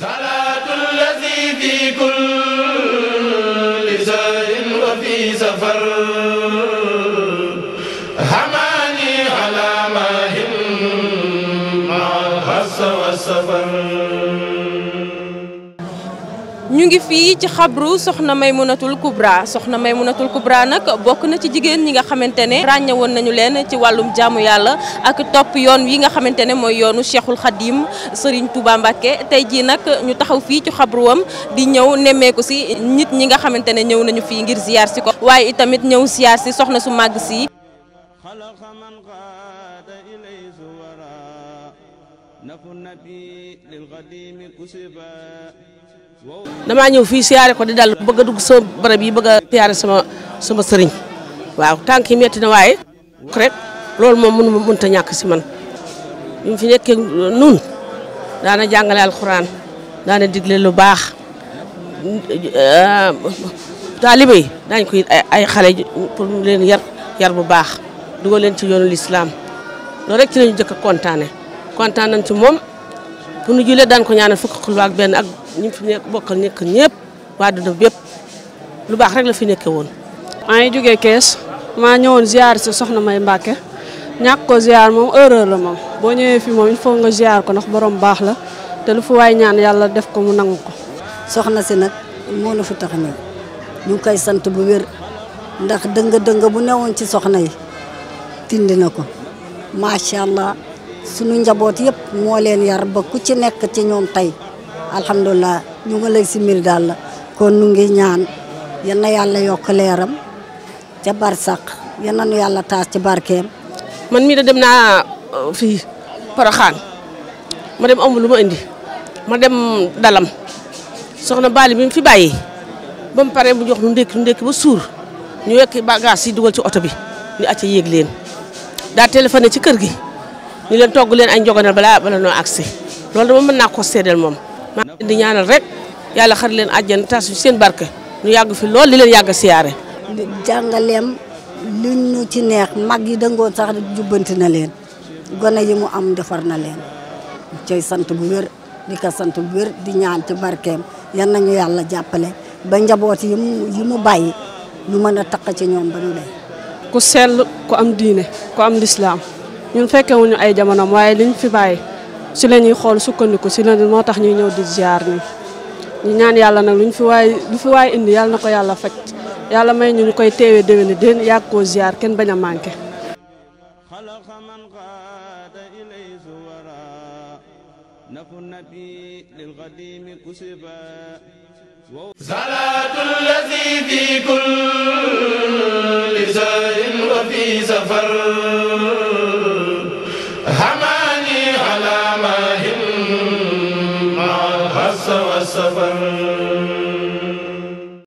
صلاة الذي في كل سهر وفي سفر حماني على ماهن مع الحس والسفر ñu ngi fi ci xabru soxna maymunatul kubra soxna maymunatul kubra nak bokku na ci jigen ñi nga xamantene ne won nañu len ci walum jaamu yalla ak top yoon yi nga xamantene ne yoonu cheikhul khadim serigne touba mbake tay ji nak ñu taxaw fi ci wam di nemé ko ci nit ñi nga xamantene ne nañu fi ngir ziar ci ko waye itamit ñew ziar sohna soxna su mag si dama ñew fi siaré ko di dal bëgg dug sama barab yi bëgg a sama sama sëriñ waaw tanki metti na waaye rek lool mom mënu mënta ñak ci man ñu fi nekké nun daana jàngalé alquran daana digle lu baax euh talibé dañ koy ay xalé pour leen yar yar bu baax dugal leen ci yoonu l'islam loolu rek ci lañu jëk contané contané nañ ci mom bu nu dan ko ñaanal fukk xul ak ben ak ñi fi nekk bokkal nekk ñëpp waa do bépp lu bax rek la fi nekkee won ay jugge kess ma ñewon ziar si soxna May Mbàkke ñak ko ziar mom heureux la mom bo ñewé fi mom il faut nga ziar ko nak borom bax la te lu fu way ñaan yalla def ko mu nang ko. soxna si nak mo la fu tax ñu sant bu wër ndax deung deung bu ci soxna yi tindina na ko allah suñu njabot yépp mo leen yar ba ku ci nek ci ñoom tay alhamdullah ñu nga lay simil daal la kon nu ngi ñaan yalla na yok leeram ci barsàq yal na taas ci man mi da dem na uh, fi paroxan ma dem lu indi ma dem dalam soxna Bali bi mu fi bayyi ba mu paree mu jox ñu ndékki ñu ndékki ba sour ñu wekk bagage ci duggal ci auto bi ni acca leen téléphoné ci kër gi. ñu leen togg leen ay njogonal balaa bala noo agsi loolu dama mën naa ko seedeel moom maa ngi leen ñaanal rek yàlla xar leen àjjana tas seen barke ñu yàgg fi lool li leen yàgg a siyaare jàngaleem lu ñu ci neex mag yi dëngoon sax jubbanti na leen gone yi mu am defar na leen cay sant bu wér di ko sant bu wér di ñaan ci barkeem yan nañu yàlla jàppale ba njaboot yi mu yi mu bàyyi ñu mën a taq ci ñoom ba ñu dey ku sell ku am diine ku am lislaam ñun fekkewuñu ay jamonoom waaye liñ fi bàyyi si la ñuy xool sukkandiku si la moo tax ñuy ñëw di ziar nii ñu ñaan yàlla nag luñ fi waay lu fi waay indi yàlla na ko yàlla faj yàlla may ñu ñu koy teewee déwén déen yàgg koo ziar kenn bañ a manqué. salaatu lazi fi kulli sahrin wa fi safar safar